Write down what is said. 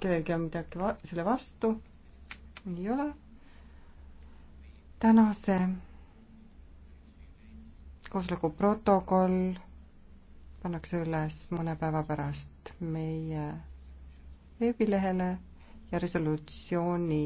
kellelgi on midagi va selle vastu? ei ole. tänase koosoleku protokoll pannakse üles mõne päeva pärast meie veebilehele ja resolutsiooni